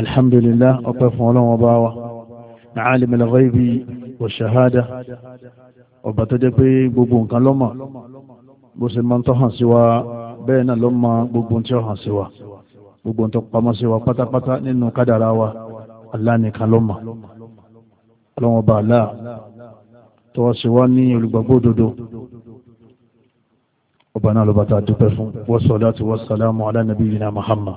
alhamdulillah ọpẹ́ fún ọlọ́wọ́n bá wa alim al-ghaibi wa shahada ọba tó jẹ́ pé gbogbo nǹkan lọ́mọ̀ bó ṣe máa ń tọ́hàn sí wa bẹ́ẹ̀ náà ló mọ gbogbo tí ó hàn sí wa gbogbo tó pamọ́ sí wa pátápátá nínú kádàrá wa Allah nìkan ọlọ́wọ́n bá Allah tó wá sí wa ní olùgbàgbọ́ òdodo ọba náà ló bá ta dúpẹ́ fún wa salatu wa salamu ala nabiyyina Muhammad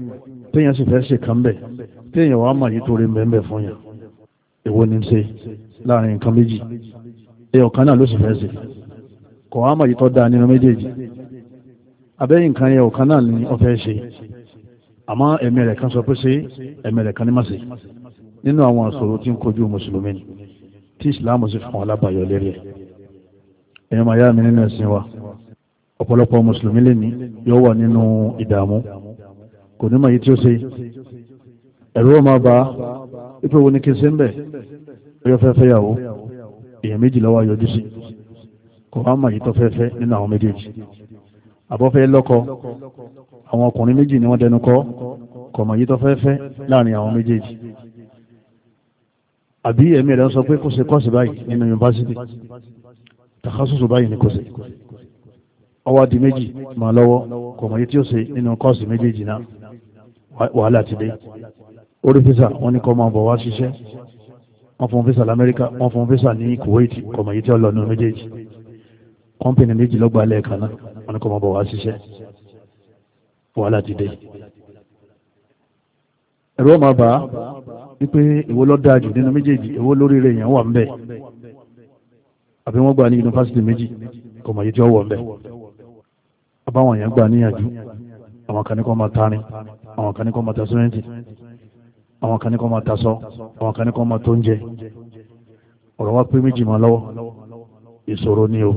téèyàn sì fẹ́ ṣe kan bẹ̀ téèyàn wàá mà yìí torí mẹ́mẹ́ fún yàn èwo ni ṣe láàrin nǹkan méjì ẹyọ kan náà ló sì fẹ́ ṣe kọ̀ wàá mà yìí tọ́ da nínú méjèèjì abẹ́yìn nǹkan ẹyọ kan náà ni ó fẹ́ ṣe àmọ́ ẹ̀mí rẹ̀ kan sọ pé ṣe ẹ̀mí rẹ̀ kan ní má ṣe nínú àwọn àṣòro tí ń kojú mùsùlùmí tí ìsìláàmù sì fún alábàáyọ lérí ẹ̀ ẹ̀yọ́ màá yá mi nínú ẹ̀sìn wa ọ̀pọ̀lọpọ̀ mùsùlùmí lè ní yóò wà nínú ìdààmú kò ní màá yí tí ó ṣe ẹ̀rú ọmọ bá ipò wo ni kí n ṣe ń bẹ̀ ọyọ fẹ́fẹ́ yàwó èèyàn méjì lọ́wọ́ yọjú sí kò wá màá tó fẹ́fẹ́ nínú àwọn méjèèjì àbọ̀fẹ́ lọ́kọ àwọn ọkùnrin méjì ni wọ́n dẹnu kọ́ kò màá yí tó fẹ́fẹ́ láàrin àwọn méjèèjì àbí ẹ̀mí ẹ̀rọ sọ pé kò ṣe kọ́ọ̀sì báyìí nínú yunifásitì takasusu báyìí ni kò ṣe ọwọ́ di méjì màá lọ́wọ́ kò màá yí tí ó ṣe nínú kọ́ọ̀sì méjèèjì náà wàhálà ti dé orí físà wọ́n ní kọ́ máa bọ̀ wá ṣiṣẹ́ wọ́n fún físà lamẹ́ríkà wọ́n fún físà ní Kuwait kọ̀mọ̀ yìí tí ó lọ nínú méjèèjì kọ́mpìnì méjì lọ́gbà lẹ́ẹ̀kan náà wọ́n ní kọ́ máa bọ̀ wá ṣiṣẹ́ wàhálà ti dé ẹ̀rọ ọmọ bá wípé èwo ló dáa jù nínú méjèèjì èwo lórí rẹ̀ èèyàn wà ń bẹ̀ àbí wọ́n gbà ní yunifásitì méjì kọ̀mọ̀ yìí tí ó àwọn kan ní kọ́ máa tarin àwọn kan ní kọ́ máa ta sẹ́mẹ́ntì àwọn kan ní kọ́ máa tasọ àwọn kan ní kọ́ máa tó ń jẹ ọ̀rọ̀ wa pé méjì máa lọ́wọ́ ìṣòro ni o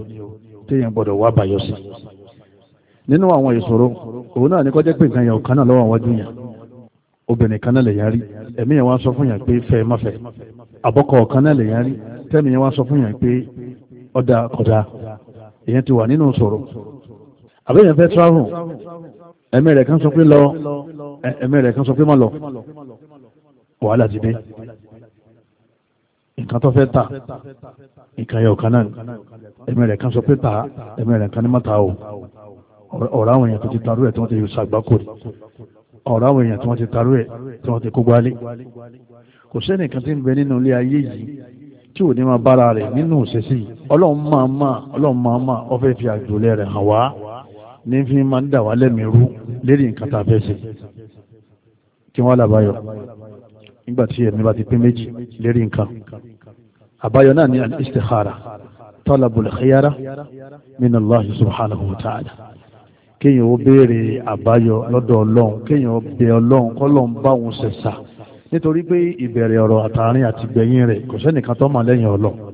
téèyàn gbọ́dọ̀ wá bàyọ̀ sí nínú àwọn ìṣòro òun náà ní kọ́ pé nǹkan yẹn ọ̀kan náà lọ́wọ́ àwọn dúnyà obìnrin kan sọ fún yàn pé fẹ́ má fẹ́ náà lè rí tẹ́mi yẹn wá sọ fún yàn pé ọ̀dà kọ̀dà ti wà nínú ìṣòro fẹ́ ẹ̀mí rẹ̀ kan sọ pé lọ ẹ̀mí rẹ̀ kan sọ pé má lọ wàhálà ti dé nǹkan tó fẹ́ tà nǹkan yẹ ọ̀kan náà ẹ̀mí kan sọ pé tà ẹ̀mí kan ní má ta o ọ̀rọ̀ àwọn èèyàn tó ti tarú ẹ̀ tí wọ́n ti yọ sàgbákò rí ọ̀rọ̀ àwọn èèyàn tí wọ́n ti tarú ẹ̀ tí wọ́n ti kó gbálé kò sẹ́nì kan tí ń bẹ nínú ilé ayé yìí tí ò ní máa bára rẹ̀ nínú òṣèṣì ọlọ́run máa máa ọlọ́run máa máa ọ ní fi máa ń dà wá lẹ́mìí rú lérí nǹkan tá a fẹ́ ṣe kí wọ́n làbáyọ nígbà tí ẹ̀mí bá ti pín méjì lérí nǹkan àbáyọ náà ní al-istikhara talabul khiyara min Allah subhanahu wa ta'ala kéèyàn ó béèrè àbáyọ lọ́dọ̀ ọlọ́run kéèyàn ó bẹ ọlọ́run kọ́lọ́run bá òun ṣẹ̀ṣà nítorí pé ìbẹ̀rẹ̀ ọ̀rọ̀ àtàrin àtìgbẹ̀yìn rẹ̀ kò sẹ́nìkan tó mọ̀ lẹ́yìn ọlọ́run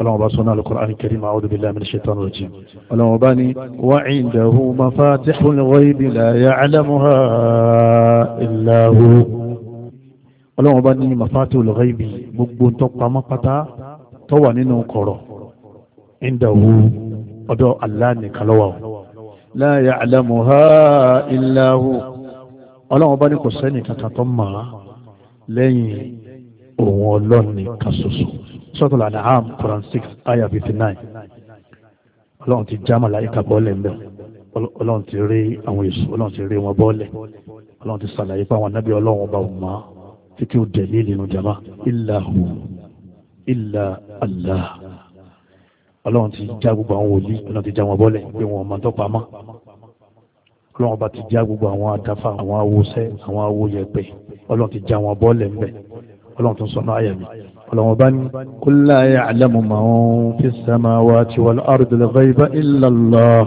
ọlọ́wọ́n bá sọ́nà al-Qur'an al-Karim a'udhu billahi minash shaitanir rajim ọlọ́wọ́n bá ní wa 'indahu mafatihul ghaybi la ya'lamuha illa hu ọlọ́wọ́n bá ní mafatihul ghaybi gbogbo tó pamọ́ pátá tó wà nínú kọ̀rọ̀ indahu ọ̀dọ̀ Allah nìkan ló wà la ya'lamuha sọ́tọ̀lá àdáhàm Quran six ayah fifty nine ọlọ́run ti já màláìka bọ́ọ̀lẹ̀ mbẹ́ ọlọ́run ti rí àwọn èso ọlọ́run ti rí wọn bọ́ọ̀lẹ̀ ọlọ́run ti sàlàyé pé àwọn anábì ọlọ́run ọba òun máa títí ó dẹ̀ líle nu jama illa hu illa Allah ọlọ́run ti já gbogbo àwọn wòlíì ọlọ́run ti já wọn bọ́ọ̀lẹ̀ pé wọn máa tọ́ pamọ́ ọlọ́run ọba ti já gbogbo àwọn adáfà àwọn awosẹ́ àwọn awoyẹ̀pẹ̀ ọlọ́run ti já wọn bọ́ọ̀lẹ̀ mbẹ́ ọlọ́run tó sọ náà ayà mi ọlọ́run bá ní kul la ya'lamu man fis samawati wal ardi al-ghayba illa Allah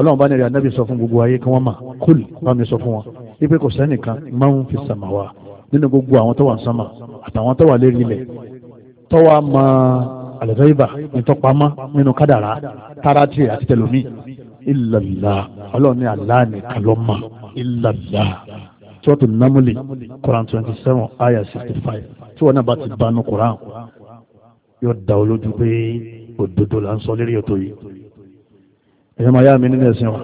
ọlọ́run bá ní rí anábì sọ fún gbogbo ayé kí wọ́n mà kul bá mi sọ fún wọn ipe kò sẹ́nìkan man fis samawa nínú gbogbo àwọn tó wà sánmà àtàwọn tó wà lérí ilẹ̀ tó wà ma al-ghayba nínú kádàrá tára àti tẹlomi illa ọlọ́run ní Allah nìkan ló mà sọ́ọ̀tù námúlì Quran twenty seven ayah sixty five tí wọ́n náà bá ti banú Quran yóò da olójú pé òdodo là ń sọ lérí ètò yìí ẹ̀yẹ́ máa yá mi nínú ẹ̀sìn wa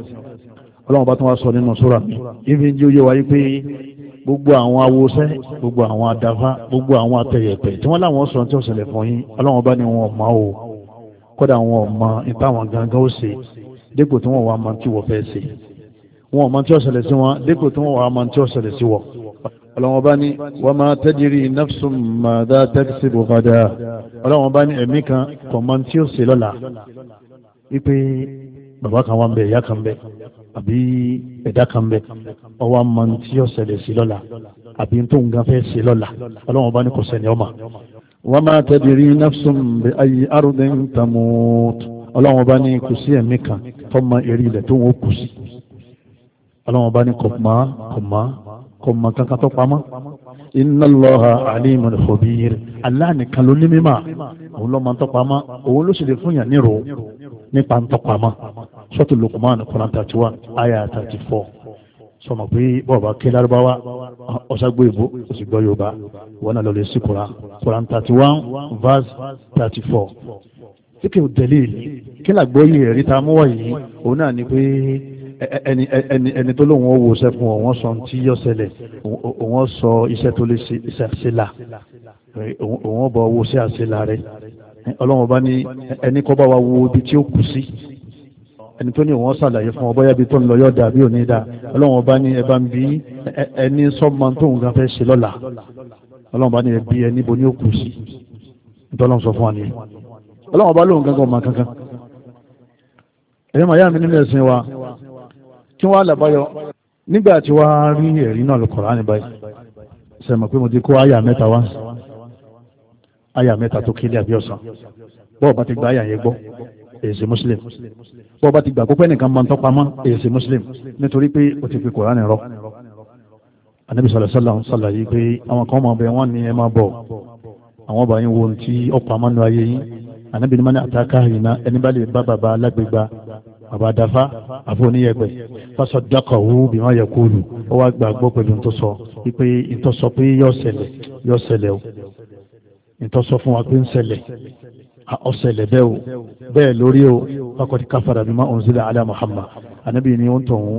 ọlọ́run bá tún wá sọ nínú sóra mi ibi ń jẹ́ oyé wáyé pé gbogbo àwọn awosẹ́ gbogbo àwọn adáfá gbogbo àwọn atẹ̀yẹ̀pẹ̀ tí wọ́n láwọn sọ tí ó ṣẹlẹ̀ fún yín ọlọ́run bá ní wọn ọ̀ma o kódà wọn ọ̀ma ìtàwọn gangan ó ṣe dípò tí wọ́n wá máa tí wọ́n fẹ́ ṣe wọn ò mọ tí ó ṣẹlẹ̀ sí wọn dípò tí wọn wà á mọ tí ó ṣẹlẹ̀ sí wọn. ọlọ́wọ́n bá ní wa ma tajri nafsun ma da taksibu gada ọlọ́wọ́n bá ní ẹ̀mí kan kò mọ tí ó ṣe lọ́la wípé bàbá kan wà ń bẹ ìyá kan bẹ àbí ẹ̀dá kan bẹ ọwọ́ mọ tí ó ṣẹlẹ̀ sí lọ́la àbí tó ń gan fẹ́ ṣe lọ́la ọlọ́wọ́n bá ní kò sẹ́ni ọmọ. wa ma tajri nafsun bi ayi ardin tamut ọlọ́wọ́n bá ní kò ẹ̀mí kan fọ́ọ̀mọ ọlọ́wọ́n bá ní kọ̀má kọ̀má kọ̀má kankan tó pamọ́ inna Allaha alimun khabir Allah nìkan ló ní mímà òun lọ́mọ tó pamọ́ òun ló sì lè fún yàn nírò nípa ń tó pamọ́ sọ́tù Luqman Quran thirty one ayah thirty four sọmọ pé bọ́ọ̀bá kí lárúbáwá ọ̀ṣàgbó ìbò oṣù gbọ́ yorùbá wọn náà lọ lè sí Quran Quran thirty one verse thirty four fíkì òdẹ̀lẹ́ ìlú kí làgbọ́ yìí ẹ̀rí ta mú wáyé òun náà ni pé ẹni ẹni ẹni tó lóun ó wo iṣẹ́ fún ọ wọ́n sọ tí yọ ṣẹlẹ̀ wọ́n sọ iṣẹ́ tó lè ṣe àṣelà la ó bọ̀ wo iṣẹ́ àṣelà rẹ ọlọ́run ọba ní ẹni kọ́ bá wa wo ibi tí ó kù sí ẹni tó ní òun ṣàlàyé fún ọ bóyá ibi tó ń lọ yọ̀ dà bí ò ní dà ọlọ́run ọba ní ẹ̀bá ń bí ẹni sọ́mọ tóun gan fẹ́ ṣe lọ́la ọlọ́run ọba ní ẹbí ẹni bo ní ó kù sí ìtọ́lọ́run sọ fún wa nìyẹn ọlọ́run ọba lóun gangan ọmọ kankan ẹ̀yẹ́ yá mi nínú ẹ̀sìn wa kí wọ́n làbáyọ nígbà tí wọ́n rí ẹ̀rí náà lọ́kọ̀ọ́rọ̀ ní báyìí sẹ́mọ̀ pé mo ti kó àyà mẹ́ta wá àyà mẹ́ta tó kéde àbí ọ̀sán bọ́ọ̀ bá ti gba àyà yẹn gbọ́ èsì muslim bọ́ọ̀ bá ti gbà pípẹ́ nìkan máa ń tọ́pamọ́ èsì muslim nítorí pé o ti fi kòránì rọ anabi sọlá sọlá ń sàlàyé pé àwọn kan máa bẹ wọn ní ẹ máa bọ̀ àwọn ọba yín wo ti ọ̀pọ̀ àmọ́nu ayé yín anabi ní mani àtàkà yìí ná ẹni bá lè bá bàbá alágbègbà àbádáfá àfọníyẹpẹ fásọ dákọ̀wó bí wọ́n yẹ kó lù ó wá gbàgbọ́ pẹ̀lú ntọ́sọ wípé ntọ́sọ pé yọ ṣẹlẹ̀ yọ ṣẹlẹ̀ o ntọ́sọ fún wa pé ń ṣẹlẹ̀ ọ̀sẹ̀lẹ̀ bẹ́ẹ̀ o bẹ́ẹ̀ lórí o fakọ̀tí káfàdà bímọ ọ̀nzílẹ̀ alẹ́ Muhammad anabi ni ó ń tọ̀hún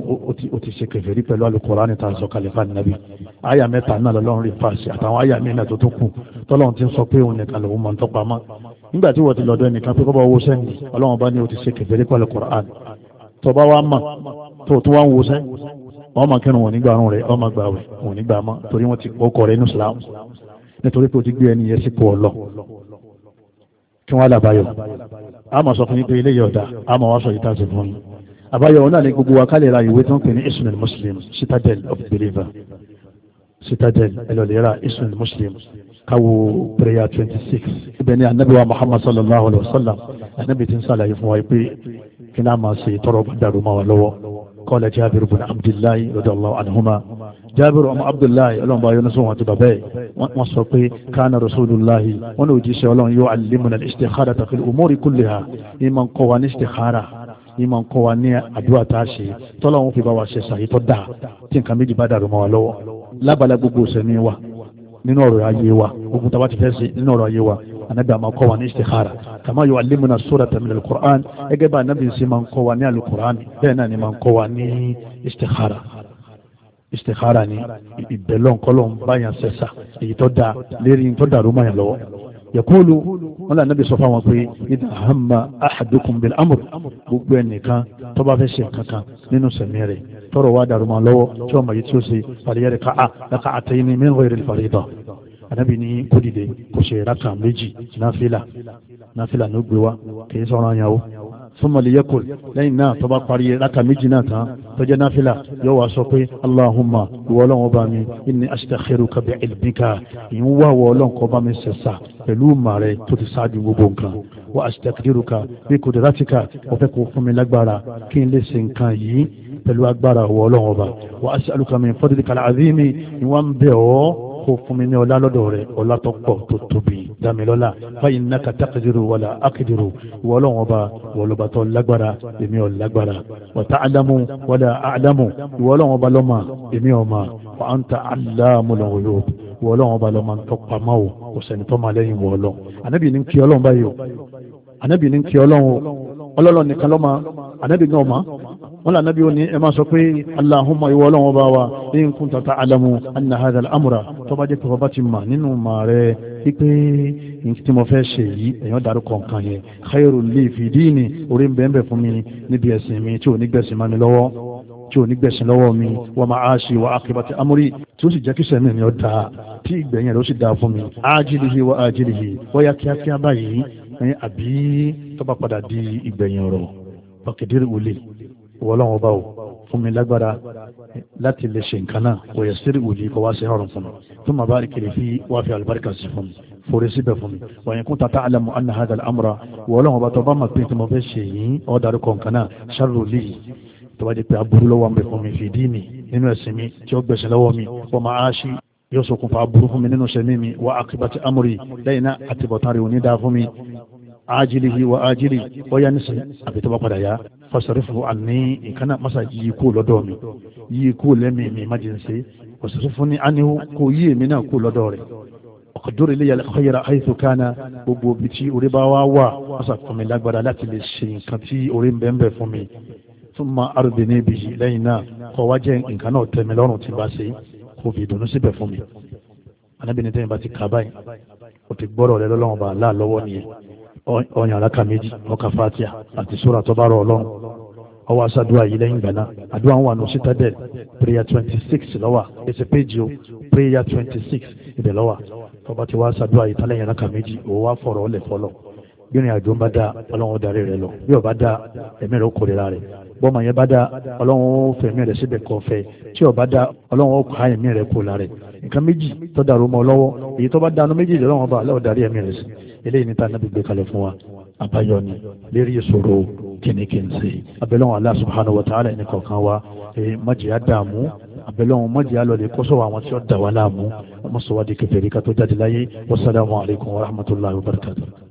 ó ti ṣe kẹfẹ́rí pẹ̀lú alukurani tá a sọ kalifa nabi aya mẹ́ta náà lọ́lọ́run rí paasi àtàwọn aya mi náà tó tó kù tọ́lọ́run ti sọ pé òun nìkan lòun máa ń tọ́pa mọ́ nígbà tí wọ́n ti lọ́dọ̀ ẹnìkan pé kọ́bọ̀ owó sẹ́yìn ọlọ́run bá ní ó ti ṣe kẹfẹ́rí pẹ̀lú alukurani tọba wa mọ̀ tó tó wá ń wo sẹ́yìn ọmọ kẹrin wọn nígbà rẹ ọmọ gbà wẹ kí wọ́n làbáyọ̀ a máa sọ fún yín pé ilé yọ̀ọ̀dá a máa wá sọ yìí tàṣẹ fún yín àbáyọ̀ òun náà ní gbogbo akálẹ̀ ra ìwé tó ń pè ní ismail muslim citadel of believer citadel ẹlọ́lẹ́ra ismail muslim káwo prayer twenty six ibẹ̀ ni anabi wa muhammad sallallahu alayhi wa sallam anabi ti ń sàlàyé fún wa pé kí náà máa ṣe tọrọ bá dàrú wà lọ́wọ́ kọ́lẹ̀ jábìrì bùnà abdullahi radiyallahu anhuma jabiru ọmọ abdullahi ọlọ́run bá yọnu sọ̀wọ́n àti bàbá ẹ̀ wọ́n sọ pé kánà rasulullahi wọ́n ní òjíṣẹ́ ọlọ́run yóò alimuna istikhara tafil umori kulliha ìmọ̀ nkọ́ wa ní istikhara ìmọ̀ nkọ́ wa ní àdúrà tá a ṣe tọ́lọ́run fi bá wa ṣe sàyí tó dáa tí nǹkan méjì bá dàrú mọ́ wa lọ́wọ́ lábala gbogbo sẹ́mi wa nínú ọ̀rọ̀ ayé wa gbogbo tàbá ti fẹ́ ṣe nínú ọ̀rọ̀ ayé wa anabi àmà kọ́ wa ní istikhara kàmá yóò alimuna surata min al ẹgẹ́ bá anabi sì máa ń kọ́ wa ní al bẹ́ẹ̀ náà ni máa ń kọ́ wa ní istikhara istikhara ni ìbẹ̀lọ́ nkọ́lọ́ ń bá yàn sẹ́sà èyí tó da lérí tó dàrú mọ́ yàn lọ́wọ́ yakulu wọn là nàbí sọ fáwọn pé idha hamma ahadukum bil amr gbogbo ẹnìkan tó bá fẹ́ ṣe kankan nínú sẹ̀mí rẹ̀ tọrọ wa dàrú mọ́ lọ́wọ́ tí wọ́n mọ̀yì tí ó ṣe a laka àtẹ̀yìn min ghayril farida anabi ní kó dìde kó raka méjì náfìlà náfìlà ní ó wa kì í sọ̀rọ̀ yàn súnmọ̀lì yẹ́kùl lẹ́yìn náà tó bá parí rákà méjì náà tán tó jẹ́ náfìlà yóò wá sọ pé aláhùnmá ìwọ ọlọ́run ọba mi inni aṣíkàkẹ́rù kàbí ẹ̀lbíkà ìyún wà wọ ọlọ́run mi sẹ̀sà pẹ̀lú ìmọ̀ tó ti ṣáájú gbogbo nǹkan wà aṣíkàkẹ́rù ka bí kò dé rátìkà ọ̀fẹ́ kò fún mi lágbára kí n lè ṣe nǹkan yìí pẹ̀lú agbára ìwọ ọlọ́run ọba wà aṣíkàlùkà mi fọ́dídìkàlà àdéhìmí ìwọ́n bẹ̀ ọ́ kó fún mi ní ọlá lọ́dọ̀ rẹ̀ ọlá tó pọ̀ tó tóbi dàmílọ́lá fàyín náka takadiru wàlà akidiru wọlọ́wọ́n ba wọlọ́bàtọ́ lágbára èmi ò lágbára wàtá àdámù wàlà àdámù wọlọ́wọ́n ba lọ́mà èmi ò mà wà á ń ta àdámùlọ́wọ́ wọlọ́wọ́n ba lọ́mà ń tọ́pa máa wò kò sẹ́ni tọ́ máa lẹ́yìn wọlọ́ ànábì ní kí o ànábì ní kí ọlọ́run ọlọ́run nìkan lọ́mà ànábì náà wọn là nábí òní ẹ máa sọ pé aláhùnmá ìwọ ọlọ́wọ́n bá wa ní kún tata alamu anna hadha al-amra tó bá jẹ́ pé bàbá ti mà nínú mà rẹ wípé tí mo fẹ́ ṣe yìí èèyàn dárúkọ nǹkan yẹn khairu li fi dini orí ń bẹ́ẹ̀ fún mi níbi ẹ̀sìn mi tí ò ní gbẹ̀sìn má mi lọ́wọ́ tí ò ní gbẹ̀sìn lọ́wọ́ mi wa ma'ashi wa aqibati amri tí ó sì jẹ́ kí sẹ́mi mi ó dáa tí ìgbẹ̀yìn rẹ̀ ó sì dáa fún mi ajilihi wa ajilihi wọ́yá kíákíá báyìí àbí tó padà di ìgbẹ̀yìn ọ̀rọ̀ pàkìdírì wòlé ìwọlọ́wọ́ bá o fún mi lágbára láti lè ṣe nǹkan náà kò yẹ sírí òjì kò wá sí ọrùn fún mi tó máa bá rí kiri fi wá fi àlùbáríkà sí fún mi forí síbẹ̀ fún mi wọ̀nyí kún tata alamu anna hada al'amura ìwọlọ́wọ́ bá tọ́ bá máa pín tí mo fẹ́ ṣe yìí ọ́ kọ̀ọ̀kan náà ṣàrò lè yìí tó bá jẹ́ pé aburú lọ́wọ́ ń fún mi fìdí mi nínú ẹ̀sìn mi tí ó gbẹ̀sẹ̀ lọ́wọ́ mi wọ́n máa ṣí yóò ṣokùnfà aburú fún mi nínú ṣẹ́mi mi wá àkíbàtì amúrí lẹ́yìn náà àtibọ̀tán rẹ̀ ò ní dáa fún mi ajilihi wa ajili bóyá nísìn àbí tó bá padà yá fasarifu àní ìkànnà masa yìí kú lọ́dọ̀ mi yìí kú lẹ́mìí mi má jẹ́ ń ṣe fasarifu ní anihu kò yí èmi náà kú lọ́dọ̀ rẹ̀ ọ̀kadúró ilé yàrá ọ̀yẹ́ra àìsàn kánà gbogbo ibi tí orí bá wá wà masa fún mi lágbára láti lè ṣe nǹkan tí orí ń bẹ́ẹ̀ bẹ́ẹ̀ fún mi tún ma arúgbó níbi yìí lẹ́yìn náà kọ́ wá jẹ́ nǹkan náà tẹ̀mí lọ́rùn tí bá ṣe kò fi ìdùnnú síbẹ̀ fún mi anábìnrin tẹ́yìn bá ti kà báyìí ó ti gbọ́rọ̀ rẹ bá a láà lọ́wọ́ nìyẹn ọyàn alaka méjì ọkà fatia àti sora tó bá rọ ọlọ́run ọwọ́ aṣáájúwa yìí lẹ́yìn gbàná àdúrà ń wà ní citadel prayer twenty six lọ́wà èsì péjì o prayer twenty six ibẹ̀ lọ́wà tọ́ba ti wá aṣáájúwa yìí tálẹ̀ yẹn alaka méjì òun wá fọ̀rọ̀ ọ̀lẹ̀ fọlọ́ bí ní àjò ń bá da ọlọ́run darí rẹ lọ bí ọba da ẹ̀mí rẹ ó kórira rẹ bọ́mọ yẹn bá da ọlọ́run ó fẹ̀mí rẹ síbẹ̀ kọ́ fẹ́ tí ọba da ọlọ́run ó kọ́ ẹ̀mí rẹ kó la rẹ̀ nǹkan méjì tó dàrú mọ́ lọ́wọ́ èyí tó bá dànù méjì lọ́wọ́ bá aláwọ̀ darí ẹ̀mí rẹ̀ sí eléyìí níta náà gbé kalẹ̀ fún wa àbáyọ ni lérí ìṣòro kìnnìkìnnì abẹ́lẹ́wọ̀n Allah subhanahu wa ta'ala ẹni kọ̀ọ̀kan wa májìá dààmú abẹ́lẹ́wọ̀n májìá lọ́lẹ̀ kọ́sọ̀wọ́ àwọn tí ó dà wá láàmú ọmọ sọ̀wádìí kẹfẹ́rí ká tó jáde láyé wassalamu alaikum warahmatullahi wabarakatuh